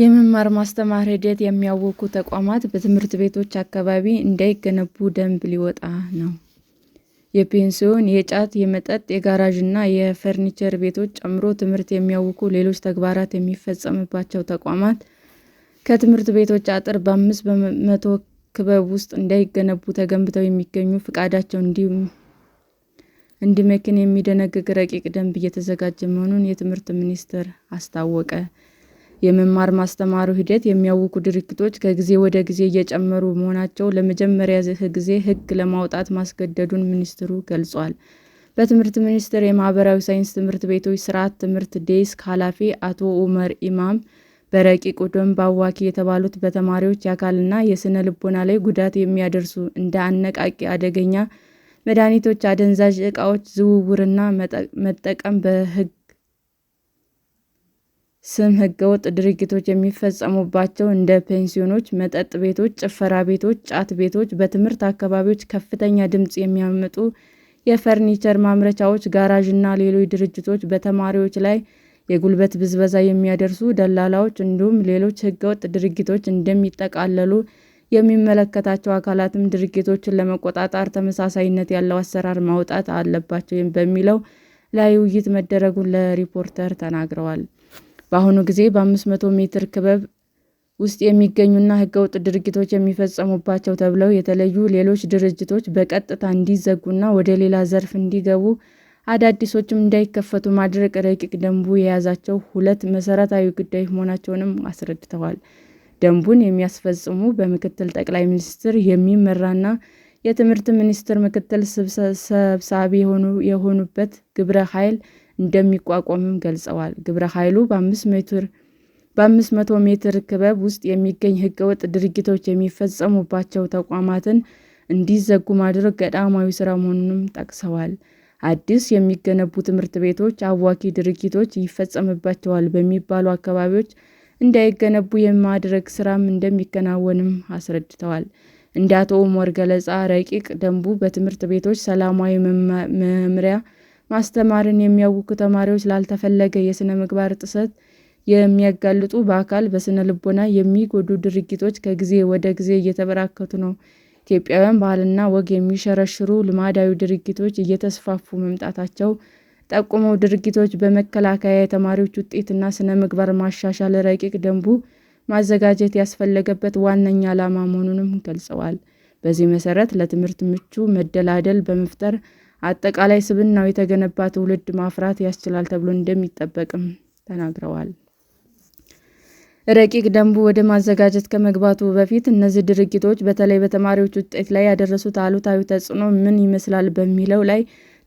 የመማር ማስተማር ሂደት የሚያወቁ ተቋማት በትምህርት ቤቶች አካባቢ እንዳይገነቡ ደንብ ሊወጣ ነው። የፔንሲዮን፣ የጫት፣ የመጠጥ፣ የጋራዥ እና የፈርኒቸር ቤቶች ጨምሮ ትምህርት የሚያውቁ ሌሎች ተግባራት የሚፈጸምባቸው ተቋማት ከትምህርት ቤቶች አጥር በአምስት በመቶ ክበብ ውስጥ እንዳይገነቡ ተገንብተው የሚገኙ ፈቃዳቸው እንዲመክን የሚደነግግ ረቂቅ ደንብ እየተዘጋጀ መሆኑን የትምህርት ሚኒስቴር አስታወቀ። የመማር ማስተማሩ ሂደት የሚያውኩ ድርጊቶች ከጊዜ ወደ ጊዜ እየጨመሩ መሆናቸው ለመጀመሪያ ጊዜ ሕግ ለማውጣት ማስገደዱን ሚኒስትሩ ገልጿል። በትምህርት ሚኒስቴር የማህበራዊ ሳይንስ ትምህርት ቤቶች ስርዓት ትምህርት ዴስክ ኃላፊ አቶ ኡመር ኢማም በረቂቁ ደንብ አዋኪ የተባሉት በተማሪዎች የአካልና የስነ ልቦና ላይ ጉዳት የሚያደርሱ እንደ አነቃቂ፣ አደገኛ መድኃኒቶች፣ አደንዛዥ እቃዎች ዝውውርና መጠቀም በሕግ ስም ህገወጥ ድርጊቶች የሚፈጸሙባቸው እንደ ፔንሲዮኖች፣ መጠጥ ቤቶች፣ ጭፈራ ቤቶች፣ ጫት ቤቶች፣ በትምህርት አካባቢዎች ከፍተኛ ድምፅ የሚያመጡ የፈርኒቸር ማምረቻዎች፣ ጋራዥ እና ሌሎች ድርጅቶች፣ በተማሪዎች ላይ የጉልበት ብዝበዛ የሚያደርሱ ደላላዎች፣ እንዲሁም ሌሎች ህገወጥ ድርጊቶች እንደሚጠቃለሉ የሚመለከታቸው አካላትም ድርጊቶችን ለመቆጣጠር ተመሳሳይነት ያለው አሰራር ማውጣት አለባቸው በሚለው ላይ ውይይት መደረጉን ለሪፖርተር ተናግረዋል። በአሁኑ ጊዜ በ500 ሜትር ክበብ ውስጥ የሚገኙና ህገወጥ ድርጊቶች የሚፈጸሙባቸው ተብለው የተለዩ ሌሎች ድርጅቶች በቀጥታ እንዲዘጉና ወደ ሌላ ዘርፍ እንዲገቡ አዳዲሶችም እንዳይከፈቱ ማድረግ ረቂቅ ደንቡ የያዛቸው ሁለት መሰረታዊ ጉዳዮች መሆናቸውንም አስረድተዋል። ደንቡን የሚያስፈጽሙ በምክትል ጠቅላይ ሚኒስትር የሚመራና የትምህርት ሚኒስቴር ምክትል ሰብሳቢ የሆኑበት ግብረ ኃይል እንደሚቋቋምም ገልጸዋል። ግብረ ኃይሉ በአምስት ሜትር በአምስት መቶ ሜትር ክበብ ውስጥ የሚገኝ ህገወጥ ድርጊቶች የሚፈጸሙባቸው ተቋማትን እንዲዘጉ ማድረግ ገዳማዊ ስራ መሆኑንም ጠቅሰዋል። አዲስ የሚገነቡ ትምህርት ቤቶች አዋኪ ድርጊቶች ይፈጸምባቸዋል በሚባሉ አካባቢዎች እንዳይገነቡ የማድረግ ስራም እንደሚከናወንም አስረድተዋል። እንደ አቶ ኡመር ገለጻ ረቂቅ ደንቡ በትምህርት ቤቶች ሰላማዊ መምሪያ ። ማስተማርን የሚያውቁ ተማሪዎች ላልተፈለገ የሥነ ምግባር ጥሰት የሚያጋልጡ በአካል በሥነ ልቦና የሚጎዱ ድርጊቶች ከጊዜ ወደ ጊዜ እየተበራከቱ ነው። ኢትዮጵያውያን ባህልና ወግ የሚሸረሽሩ ልማዳዊ ድርጊቶች እየተስፋፉ መምጣታቸው ጠቁመው ድርጊቶች በመከላከያ የተማሪዎች ውጤትና ሥነ ምግባር ማሻሻል ረቂቅ ደንቡ ማዘጋጀት ያስፈለገበት ዋነኛ ዓላማ መሆኑንም ገልጸዋል። በዚህ መሰረት ለትምህርት ምቹ መደላደል በመፍጠር አጠቃላይ ስብናው የተገነባ ትውልድ ማፍራት ያስችላል ተብሎ እንደሚጠበቅም ተናግረዋል። ረቂቅ ደንቡ ወደ ማዘጋጀት ከመግባቱ በፊት እነዚህ ድርጊቶች በተለይ በተማሪዎች ውጤት ላይ ያደረሱት አሉታዊ ተጽዕኖ ምን ይመስላል በሚለው ላይ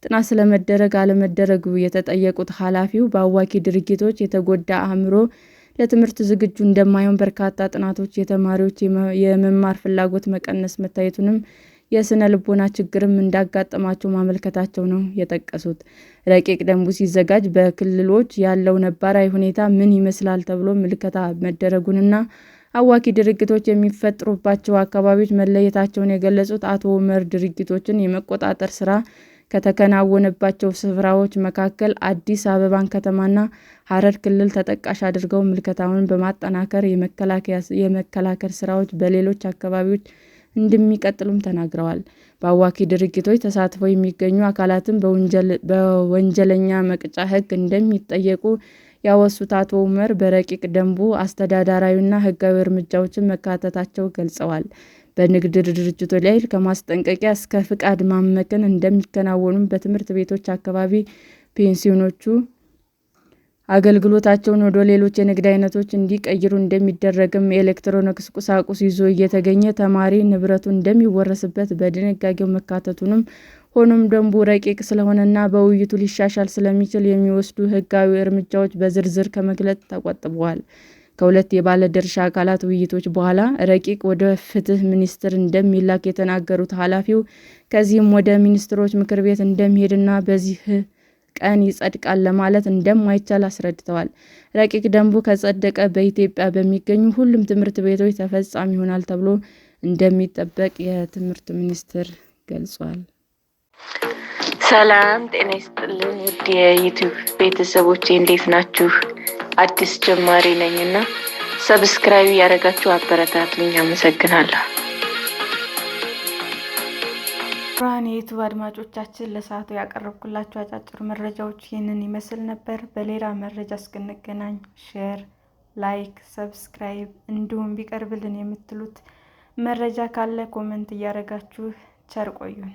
ጥናት ስለመደረግ አለመደረጉ የተጠየቁት ኃላፊው በአዋኪ ድርጊቶች የተጎዳ አእምሮ ለትምህርት ዝግጁ እንደማይሆን በርካታ ጥናቶች የተማሪዎች የመማር ፍላጎት መቀነስ መታየቱንም የስነ ልቦና ችግርም እንዳጋጠማቸው ማመልከታቸው ነው የጠቀሱት። ረቂቅ ደንቡ ሲዘጋጅ በክልሎች ያለው ነባራዊ ሁኔታ ምን ይመስላል ተብሎ ምልከታ መደረጉንና አዋኪ ድርጊቶች የሚፈጥሩባቸው አካባቢዎች መለየታቸውን የገለጹት አቶ ኡመር ድርጊቶችን የመቆጣጠር ስራ ከተከናወነባቸው ስፍራዎች መካከል አዲስ አበባን ከተማና ሐረር ክልል ተጠቃሽ አድርገው ምልከታውን በማጠናከር የመከላከል ስራዎች በሌሎች አካባቢዎች እንደሚቀጥሉም ተናግረዋል። በአዋኪ ድርጊቶች ተሳትፎ የሚገኙ አካላትም በወንጀለኛ መቅጫ ሕግ እንደሚጠየቁ ያወሱት አቶ ኡመር በረቂቅ ደንቡ አስተዳደራዊና ሕጋዊ እርምጃዎችን መካተታቸው ገልጸዋል። በንግድ ድርጅቶች ላይ ከማስጠንቀቂያ እስከ ፍቃድ ማመከን እንደሚከናወኑም በትምህርት ቤቶች አካባቢ ፔንሲዮኖቹ አገልግሎታቸውን ወደ ሌሎች የንግድ አይነቶች እንዲቀይሩ እንደሚደረግም፣ የኤሌክትሮኒክስ ቁሳቁስ ይዞ እየተገኘ ተማሪ ንብረቱ እንደሚወረስበት በድንጋጌው መካተቱንም ሆኖም ደንቡ ረቂቅ ስለሆነና በውይይቱ ሊሻሻል ስለሚችል የሚወስዱ ሕጋዊ እርምጃዎች በዝርዝር ከመግለጽ ተቆጥበዋል። ከሁለት የባለደርሻ አካላት ውይይቶች በኋላ ረቂቅ ወደ ፍትህ ሚኒስቴር እንደሚላክ የተናገሩት ኃላፊው ከዚህም ወደ ሚኒስትሮች ምክር ቤት እንደሚሄድና በዚህ ቀን ይጸድቃል ለማለት እንደማይቻል አስረድተዋል። ረቂቅ ደንቡ ከጸደቀ በኢትዮጵያ በሚገኙ ሁሉም ትምህርት ቤቶች ተፈጻሚ ይሆናል ተብሎ እንደሚጠበቅ የትምህርት ሚኒስቴር ገልጿል። ሰላም ጤና ይስጥልን ውድ የዩቲዩብ ቤተሰቦች እንዴት ናችሁ? አዲስ ጀማሪ ነኝ እና ሰብስክራይብ ያደረጋችሁ አበረታቱኝ። አመሰግናለሁ። ውፍራን የዩቱብ አድማጮቻችን ለሰዓቱ ያቀረብኩላቸው አጫጭር መረጃዎች ይህንን ይመስል ነበር። በሌላ መረጃ እስክንገናኝ ሼር፣ ላይክ፣ ሰብስክራይብ እንዲሁም ቢቀርብልን የምትሉት መረጃ ካለ ኮመንት እያደረጋችሁ ቸር ቆዩን።